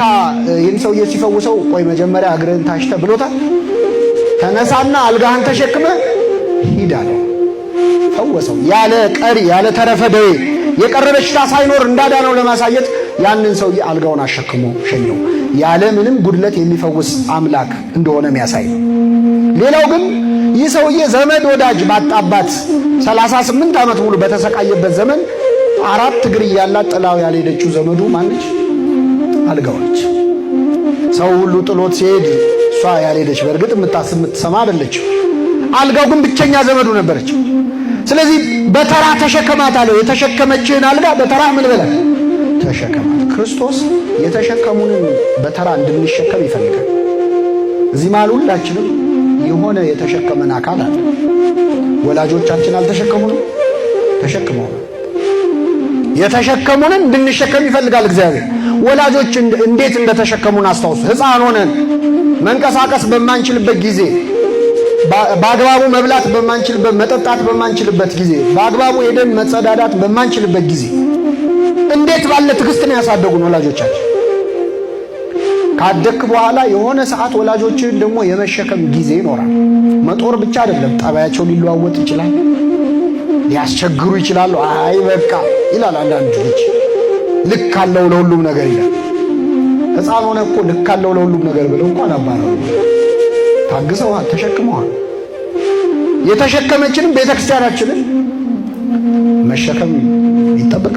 እና ይህን ሰውዬ ሲፈውሰው ቆይ መጀመሪያ እግርህን ታሽተ ብሎታል። ተነሳና አልጋህን ተሸክመ ሂድ ፈወሰው። ያለ ቀሪ ያለ ተረፈ ደዌ የቀረ በሽታ ሳይኖር እንዳዳነው ለማሳየት ያንን ሰውዬ አልጋውን አሸክሞ ሸኘው። ያለ ምንም ጉድለት የሚፈውስ አምላክ እንደሆነ የሚያሳይ ነው። ሌላው ግን ይህ ሰውዬ ዘመድ ወዳጅ ባጣባት 38 ዓመት ሙሉ በተሰቃየበት ዘመን አራት እግር እያላት ጥላው ያልሄደችው ዘመዱ ማነች? አልጋዎች ሰው ሁሉ ጥሎት ሲሄድ እሷ ያልሄደች በእርግጥ የምታስብ የምትሰማ አይደለችው። አልጋው ግን ብቸኛ ዘመዱ ነበረች። ስለዚህ በተራ ተሸከማት አለው። የተሸከመችህን አልጋ በተራ ምን ብለህ ተሸከማት። ክርስቶስ የተሸከሙንን በተራ እንድንሸከም ይፈልጋል። እዚህ መሃል ሁላችንም የሆነ የተሸከመን አካል አለ። ወላጆቻችን አልተሸከሙንም፣ ተሸክመው የተሸከሙንን እንድንሸከም ይፈልጋል እግዚአብሔር። ወላጆች እንዴት እንደተሸከሙን አስታውሱ። ሕፃን ሆነን መንቀሳቀስ በማንችልበት ጊዜ በአግባቡ መብላት በማንችልበት፣ መጠጣት በማንችልበት ጊዜ በአግባቡ ሄደን መጸዳዳት በማንችልበት ጊዜ እንዴት ባለ ትዕግስት ነው ያሳደጉን ወላጆቻችን። ካደክ በኋላ የሆነ ሰዓት ወላጆችን ደግሞ የመሸከም ጊዜ ይኖራል። መጦር ብቻ አይደለም፣ ጠባያቸው ሊለዋወጥ ይችላል። ሊያስቸግሩ ይችላሉ። አይ በቃ ይላል አንዳንድ ልጅ። ልክ አለው ለሁሉም ነገር ይላል። ሕፃን ሆነ እኮ ልክ አለው ለሁሉም ነገር ብለው እንኳን አባረው ታግዘዋል፣ ተሸክመዋል። የተሸከመችንም ቤተክርስቲያናችንን መሸከም ይጠበቅ